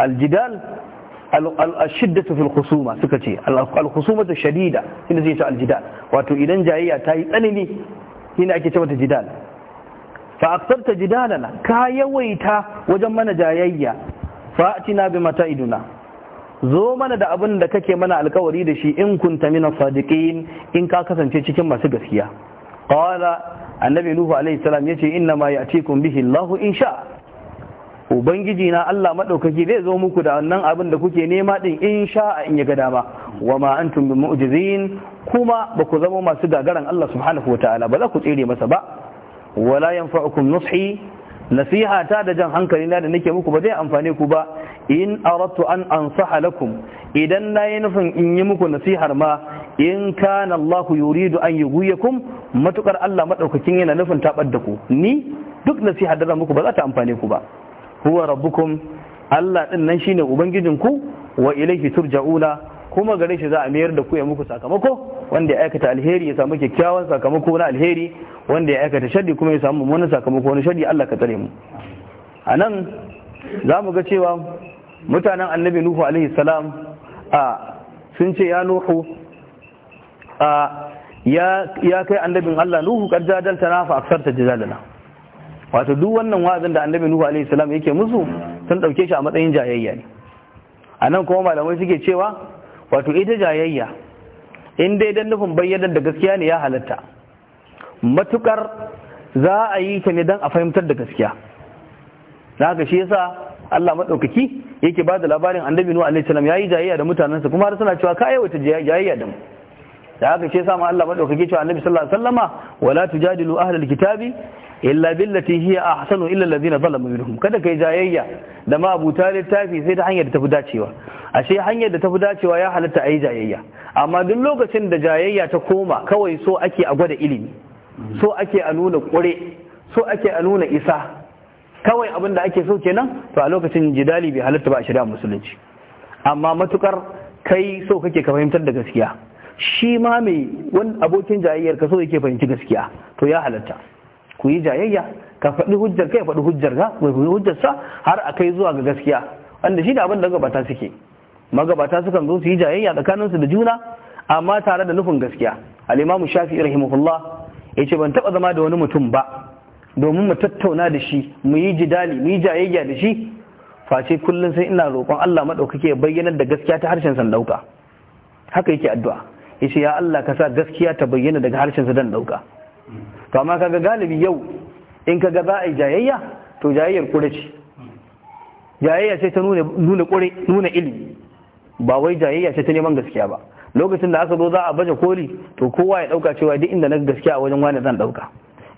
aljidal al-shiddatu fil khusuma suka ce al-khusumatu shadida inda zai ta aljidal wato idan jayayya ta yi tsanani shine ake cewa ta jidal fa aktarta jidalana ka yawaita wajen mana jayayya fa atina bi mata'iduna zo mana da abin da kake mana alkawari da shi in kunta mina sadiqin in ka kasance cikin masu gaskiya qala annabi nuhu alaihi salam yace inna ma ya'tikum bihi Allah in sha ubangiji na Allah madaukaki zai zo muku da wannan abin da kuke nema din in sha in ya ga dama wa ma antum bi mu'jizin kuma ba ku zama masu gagaran Allah subhanahu wataala ba za ku tsere masa ba wala yanfa'ukum nushi nasiha ta da jan hankali na da nake muku ba zai amfane ku ba in aratu an ansaha lakum idan nayi nufin in yi muku nasihar ma in kana Allah yuridu an yughyikum matukar Allah madaukakin yana nufin tabar da ku ni duk nasiha da za muku ba za ta amfane ku ba huwa rabbukum Allah din nan shine ku wa ilayhi turja'una kuma gare shi za a mayar da ku ya muku sakamako wanda ya aikata alheri ya samu kyakkyawan sakamako na alheri wanda ya aikata shaddi kuma ya samu mummunan sakamako na shaddi Allah ka tsare mu a nan za mu ga cewa mutanen annabi nuhu alaihi salam a sun ce ya nuhu a ya kai annabin Allah nuhu kad na fa aksarta jadalana wato duk wannan wa'azin da annabi nuhu alaihi salam yake musu sun dauke shi a matsayin jayayya ne anan kuma malamai suke cewa wato ita jayayya in dai dan nufin bayyanar da gaskiya ne ya halatta matukar za a yi ta ne dan a fahimtar da gaskiya na haka shi yasa Allah madaukaki yake ba da labarin annabi nuhu alaihi salam yayi jayayya da mutanansa kuma har suna cewa ka wata jayayya da mu da haka shi yasa ma Allah madaukaki cewa annabi sallallahu alaihi wasallama wala tujadilu ahlal kitabi illa billati hiya ahsanu illa alladhina zalamu minhum kada kai jayayya da ma abu littafi sai ta hanyar da tafi dacewa ashe hanyar da tafi dacewa ya halatta ayi jayayya amma duk lokacin da jayayya ta koma kawai so ake a gwada ilimi so ake a nuna kure so ake a nuna isa kawai abin da ake so kenan to a lokacin jidali bai halatta ba a shari'a musulunci amma matukar kai so kake ka fahimtar da gaskiya shi ma mai wani abokin jayayyar ka so yake fahimci gaskiya to ya halatta ku yi jayayya ka faɗi hujjar kai faɗi hujjar ka mai faɗi hujjar sa har a kai zuwa ga gaskiya wanda shi da abin da gabata suke magabata sukan zo su yi jayayya tsakanin su da juna amma tare da nufin gaskiya al-imam shafi'i rahimahullah yace ban taba zama da wani mutum ba domin mu tattauna da shi mu yi jidali mu yi jayayya da shi face kullum sai ina roƙon Allah madaukake ya bayyana da gaskiya ta harshen san dauka haka yake addu'a yace ya Allah ka sa gaskiya ta bayyana daga harshen sa dan dauka to amma kaga galibi yau in kaga za a yi jayayya to jayayyar kure ce jayayya ce ta nuna kure nuna ilimi ba wai jayayya ce ta neman gaskiya ba lokacin da aka zo za a baje koli to kowa ya dauka cewa duk inda na gaskiya a wajen wani zan dauka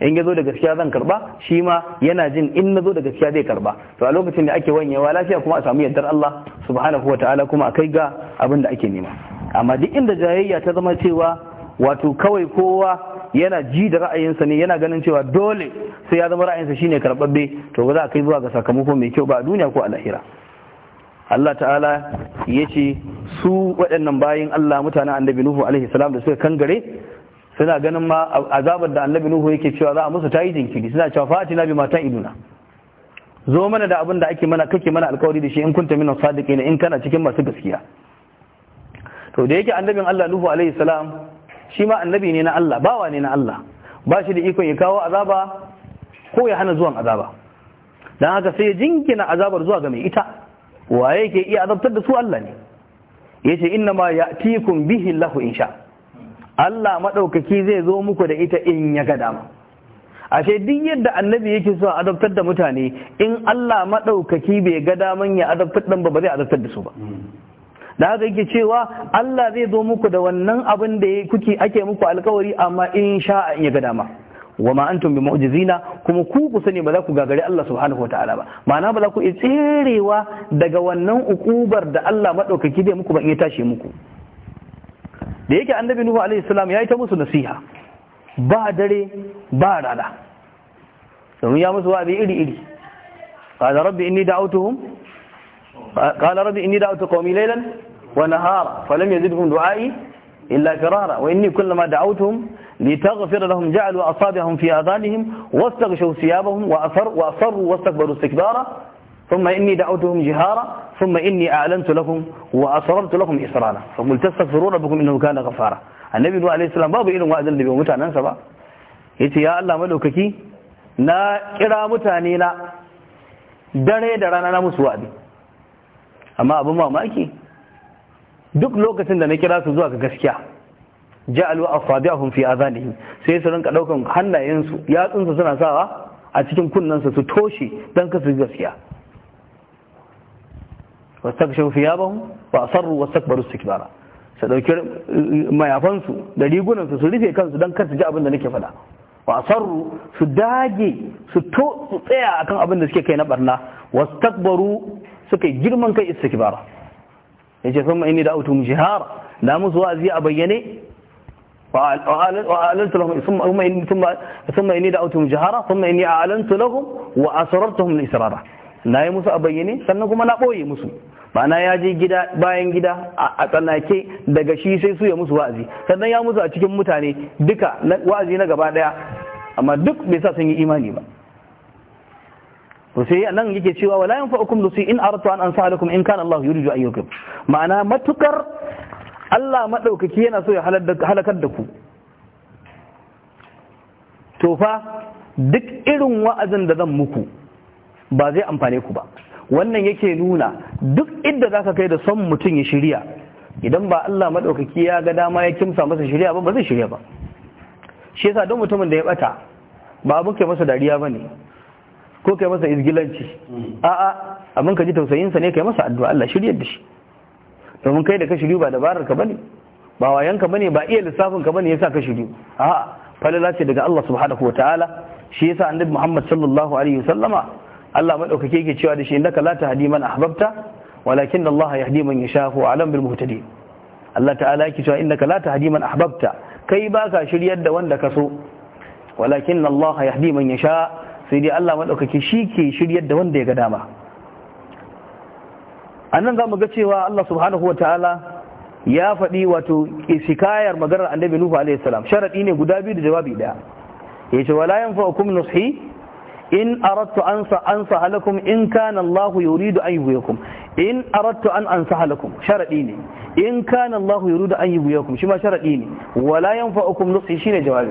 in ya zo da gaskiya zan karba shi ma yana jin in na zo da gaskiya zai karba to a lokacin da ake wanyewa lafiya kuma a samu yardar Allah subhanahu wa ta'ala kuma a kai ga abin da ake nema amma duk inda jayayya ta zama cewa wato kawai kowa yana ji da ra'ayinsa ne yana ganin cewa dole sai ya zama ra'ayinsa shine karɓaɓɓe to ba za a kai zuwa ga sakamako mai kyau ba a duniya ko a lahira Allah ta'ala ya ce su waɗannan bayin Allah mutanen annabi Nuhu alaihi salam da suka kangare suna ganin ma azabar da annabi Nuhu yake cewa za a musu tayi jinkiri suna cewa fatina bi mata iduna zo mana da abin da ake mana kake mana alkawari da shi in kunta minan sadiqina in kana cikin masu gaskiya to da yake annabin Allah Nuhu alaihi salam shi ma annabi ne na Allah bawa ne na Allah ba shi da ikon ya kawo azaba ko ya hana zuwan azaba don haka sai ya jingina azabar zuwa ga mai ita waye ke iya azabtar da su Allah ne yace inna ma ya'tikum bihi Allahu insha Allah maɗaukaki zai zo muku da ita in ya ga dama ashe duk yadda annabi yake so azabtar da mutane in Allah maɗaukaki bai ga daman ya azabtar dan ba ba zai azabtar da su ba da haka yake cewa Allah zai zo muku da wannan abin da kuke ake muku alkawari amma in sha'a in ya ga dama wa ma antum bi mu'jizina kuma ku ku sani ba za ku gagari Allah subhanahu wa ta'ala ba ma'ana ba za ku tserewa daga wannan ukubar da Allah madaukaki zai muku ba in ya tashi muku da yake annabi nuhu alaihi salam ya yi ta musu nasiha ba dare ba rana domin ya musu wa'azi iri iri قال ربي inni دعوتهم قال ربي inni دعوت قومي ليلا ونهارا فلم يزدهم دعائي إلا فرارا وإني كلما دعوتهم لتغفر لهم جعلوا أصابعهم في آذانهم واستغشوا ثيابهم وأصروا وأصروا واستكبروا استكبارا ثم إني دعوتهم جهارا ثم إني أعلنت لكم وأسررت لكم إسرارا فقلت استغفروا ربكم إنه كان غفارا النبي عليه السلام والسلام irin wa'azin da bai mutanen sa ba yace ya Allah madaukaki na kira mutane na dare da rana na musu duk lokacin da na kira su zuwa ga gaskiya ja'alu asabi'ahum fi adhanihim sai su rinka daukan hannayensu yatsunsu suna sawa a cikin kunnan su toshe dan kasu gaskiya wastakshaw thiyabahum wa asarru wastakbaru istikbara su dauki mayafansu da rigunansu su rufe kansu dan kasu ji abin da nake faɗa wa asarru su dage su to su tsaya akan abin da suke kai na barna wastakbaru suka girman kai istikbara ce sun kuma inni da'utum jihara na musu wa'azi a bayyane وأعلنت لهم ثم إني ثم ثم إني دعوتهم جهارا ثم إني أعلنت لهم وأسررتهم na yi musu a bayyane sannan kuma na ɓoye musu ma'ana ya je gida bayan gida a tsanake daga shi sai su ya musu wa'azi sannan ya musu a cikin mutane duka wa'azi na gaba daya amma duk bai sa sun yi imani ba to sai nan yake cewa wala yanfa'ukum lusi in aratu an ansa lakum in kana Allah yuridu ayyukum ma'ana matukar Allah madaukaki yana so ya halakar da ku to fa duk irin wa'azin da zan muku ba zai amfane ku ba wannan yake nuna duk inda zaka kai da son mutum ya shirya idan ba Allah madaukaki ya ga dama ya kimsa masa shirya ba ba zai shirya ba shi yasa don mutumin da ya bata ba abin kai masa dariya bane ko kai masa izgilanci a'a abin ka ji tausayinsa ne kai masa addu'a Allah shiryar da shi domin kai da ka shiryu ba dabarar ka bane ba wayan ka bane ba iya lissafin ka bane yasa ka shiryu a'a falala ce daga Allah subhanahu wataala shi yasa annabi Muhammad sallallahu alaihi wasallama Allah madaukake yake cewa da shi innaka la tahdi man ahbabta walakin Allah yahdi man yasha wa alam bil muhtadin Allah ta'ala yake cewa innaka la tahdi man ahbabta kai ba ka shiryar da wanda ka so walakin Allah yahdi man yasha sai dai Allah maɗaukaki shi ke shiryar da wanda ya ga dama a nan za mu ga cewa Allah subhanahu wa ta'ala ya faɗi wato isikayar maganar annabi Nuhu alaihi salam sharaɗi ne guda biyu da jawabi ɗaya ya ce wala yanfa'ukum nushi in aradtu an an halakum in kana Allah yuridu an yuhyikum in aradtu an an halakum sharaɗi ne in kana Allah yuridu an yuhyikum shi ma sharaɗi ne wala yanfa'ukum nushi shine jawabi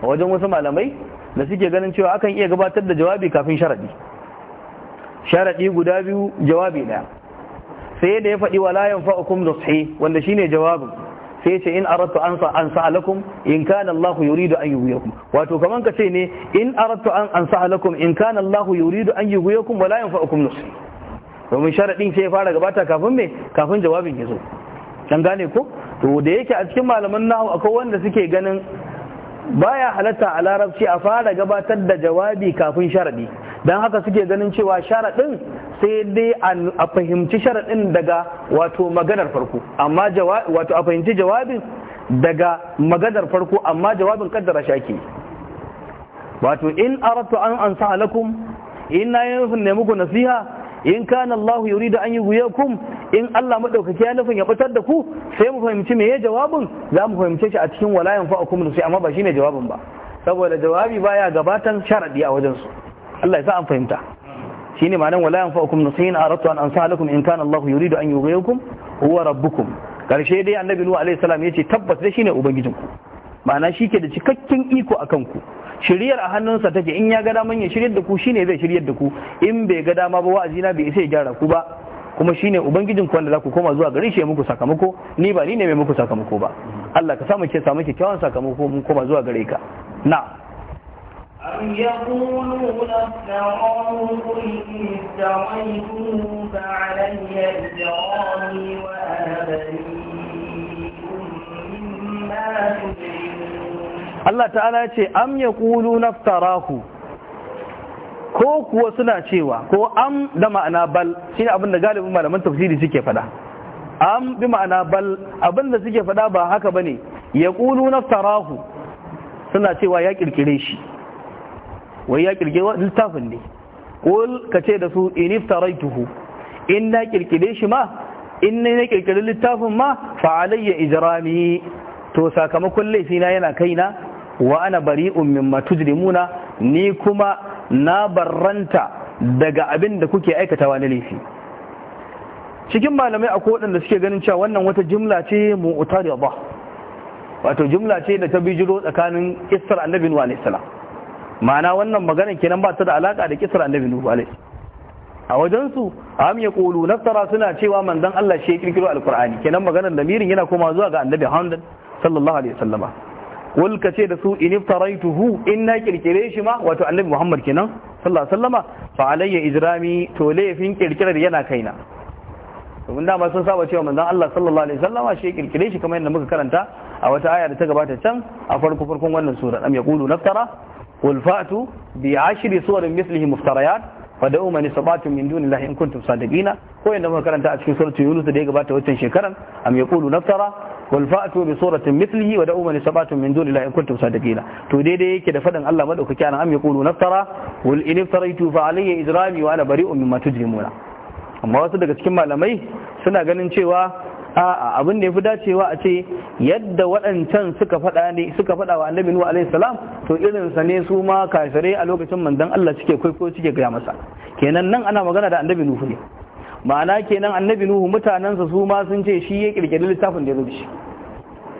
wajen wasu malamai da suke ganin cewa akan iya gabatar da jawabi kafin sharadi sharadi guda biyu jawabi daya sai da ya faɗi wa la yanfa'ukum nushi wanda shi ne jawabin sai ce in arattu an ansaha lakum in kana yuri da an yi kuma. wato kaman ka ce ne in arattu an ansaha lakum in kana yuri da an yi kuma wa la yanfa'ukum nushi domin sharadin sai ya fara gabata kafin me kafin jawabin ya zo dan gane ko to da yake a cikin malaman nahu akwai wanda suke ganin baya halatta a larabci a fara gabatar da jawabi kafin sharadi don haka suke ganin cewa sharaɗin sai dai a fahimci sharaɗin daga wato maganar farko amma wato a fahimci jawabin daga maganar farko amma jawabin kaddara shaki wato in aratu an ansa alakum in na yi nufin nemi ku nasiha in kana Allah da an yughyikum in Allah madaukaki ya nufin ya batar da ku sai mu fahimci meye jawabin za mu fahimce shi a cikin walayan fa'akum sai amma ba shine jawabin ba saboda jawabi baya gabatan sharadi a wajen su Allah ya sa an fahimta shine ma'anar walayan fa'akum nusihin aratu an ansalakum in kana Allah da an yughyikum huwa rabbukum karshe dai annabi nuhu alaihi salam yace tabbas da shine ubangijinku ma'ana shi ke da cikakken iko a kanku shiryar a hannunsa take in ya ga daman ya da ku shine zai shiryar da ku in bai ga dama ba wa'azi na bai isa ya gyara ku ba kuma shine ubangijin ku wanda za ku koma zuwa gare shi ya muku sakamako ni ba ni ne mai muku sakamako ba Allah ka samu ke samu kyakkyawan sakamako mun koma zuwa gare ka na أم يقولون افتراه قل إن افتريته فعلي إجرامي وأنا بريء مما Allah ta'ala ya ce am ya kulu naftarahu ko kuwa suna cewa ko am da ma'ana bal shi ne abinda galibin malaman tafsiri suke fada am bi ma'ana bal abinda suke fada ba haka bane ya kulu naftarahu suna cewa ya kirkire shi wai ya kirkire littafin ne kul ka ce da su iniftaraytuhu in na kirkire shi ma in na kirkire littafin ma fa alayya ijrami to sakamakon laifina yana kaina wa ana bari'un mimma tujrimuna ni kuma na barranta daga abin da kuke aikatawa na laifi cikin malamai akwai waɗanda suke ganin cewa wannan wata jumla ce mu'tarida wato jumla ce da ta bijiro tsakanin isra annabi nuwa alaihi salam ma'ana wannan maganar kenan ba ta da alaka da kisar annabi nuwa alaihi a wajen su am yaqulu naftara suna cewa manzon Allah shi ya kirkiro alqur'ani kenan maganar lamirin yana koma zuwa ga annabi Muhammad sallallahu alaihi wasallama wulka ce da su in hu in na kirkire shi ma wato annabi Muhammad kenan sallallahu alaihi wasallama fa alayya ijrami to laifin kirkirar yana kaina domin dama sun saba cewa manzon Allah sallallahu alaihi wasallama shi kirkire shi kamar yadda muka karanta a wata aya da ta gabata can a farko farkon wannan sura am yaqulu naftara qul fa'tu bi ashri suwarin mislihi muftariyat fada'u man istata'tum min dunillahi in kuntum sadiqina ko muka karanta a cikin suratul yunus da ya gabata wancan shekaran am yaqulu naftara kul fa'tu bi suratin mithlihi wa da'u man sabatun min dunillahi in kuntum sadiqina to daidai yake da fadin Allah madaukaki an am yaqulu naftara wal in iftaraitu fa alayya ijrami wa ana bari'un mimma tujrimuna amma wasu daga cikin malamai suna ganin cewa a'a abin da yafi dacewa a ce yadda waɗancan suka faɗa ne suka faɗa wa annabi nuhu alaihi salam to irin sa ne su ma kafirai a lokacin manzon Allah suke kwaikwayo suke gaya masa kenan nan ana magana da annabi nuhu ne ma'ana kenan annabi nuhu mutanensa su ma sun ce shi ya kirkiri littafin da ya zo da shi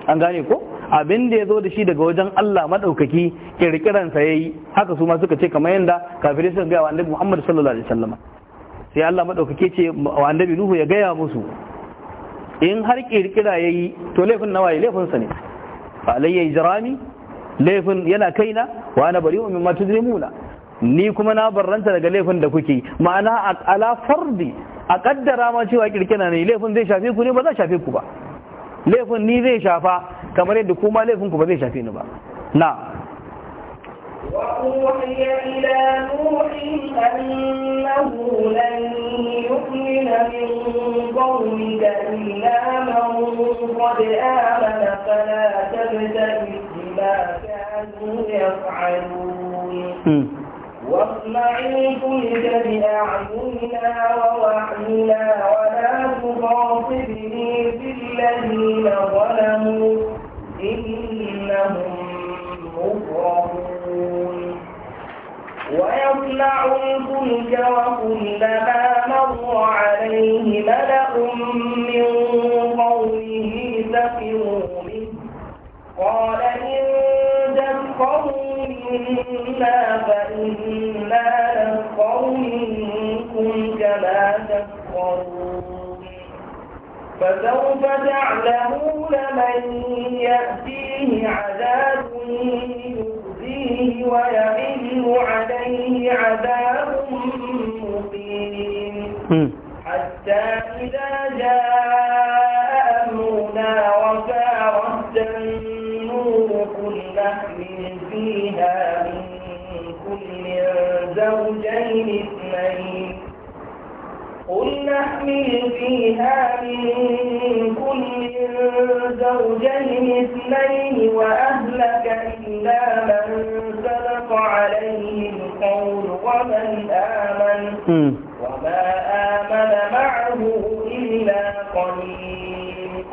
an gane ko abin da ya zo da shi daga wajen Allah maɗaukaki kirkiransa ya yi haka su ma suka ce kamar yanda kafirai suka gaya wa annabi Muhammad sallallahu alaihi wasallam sai Allah maɗaukaki ce wa annabi Nuhu ya gaya musu in har kirkira ya yi to laifin nawa ya laifin sa ne fa alayya ijrami laifin yana kaina wa ana bari'un mimma tujrimuna ni kuma na barranta daga laifin da kuke ma'ana ala fardi a kaddara ma cewa kirkina ne laifin zai shafe ku ne ba za shafe ku ba laifin ni zai shafa kamar yadda kuma laifin ku ba zai shafe ni ba na وأوحي إلى واصنعوا الفلك بأعيننا ووحينا ولا تخاطبني في الذين ظلموا إنهم مغرمون ويصنع الفلك وكلما مر عليه ملأ من قومه سخروا قال إن تسخروا منا فإنا نسخر منكم كما تسخرون فسوف تعلمون من يأتيه عذاب يؤذيه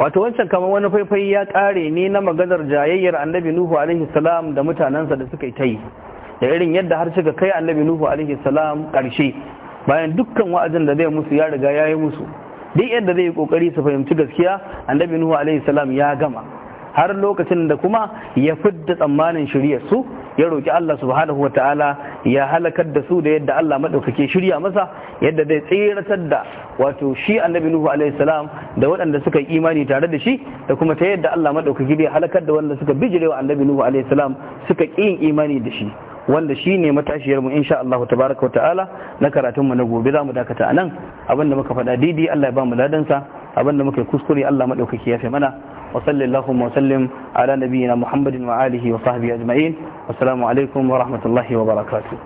wato wancan kamar wani faifai ya kare ne na maganar jayayyar annabi nuhu alaihi salam da mutanensa da suka yi ta yi da irin yadda har suka kai annabi nuhu alaihi salam karshe bayan dukkan wa'azin da zai musu ya riga ya yi musu duk yadda zai yi kokari su fahimci gaskiya annabi nuhu alaihi salam ya gama har lokacin da kuma ya fidda tsammanin shirya su ya roki Allah subhanahu wa ta'ala ya halakar da su da yadda Allah madaukake shirya masa yadda zai tseratar da wato shi annabi nuhu alaihi salam da waɗanda suka yi imani tare da shi da kuma ta yadda Allah madaukake zai halakar da waɗanda suka wa annabi nuhu alaihi salam suka ƙi yin imani da shi wanda shi ne mu insha Allah tabaraka wa ta'ala na mu na gobe za mu dakata a nan abinda muka faɗa didi Allah ya ba mu ladansa abinda muka yi kuskure Allah maɗaukaki ya fi mana وصل اللهم وسلم على نبينا محمد وآله وصحبه أجمعين والسلام عليكم ورحمة الله وبركاته